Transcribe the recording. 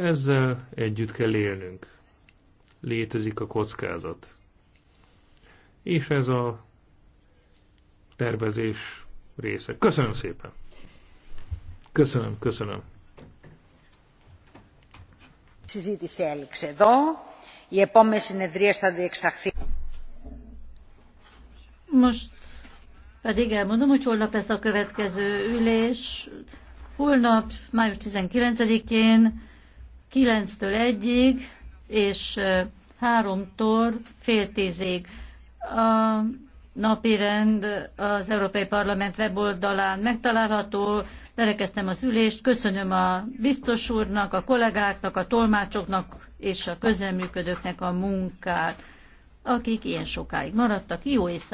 Ezzel együtt kell élnünk. Létezik a kockázat. És ez a tervezés része. Köszönöm szépen! Köszönöm, köszönöm. Most pedig elmondom, hogy holnap lesz a következő ülés. Holnap, május 19-én 9-től 1-ig, és 3-tól fél 10-ig. A rend az Európai Parlament weboldalán megtalálható. Lerekeztem az ülést. Köszönöm a biztos úrnak, a kollégáknak, a tolmácsoknak és a közreműködőknek a munkát, akik ilyen sokáig maradtak. Jó éjszakát!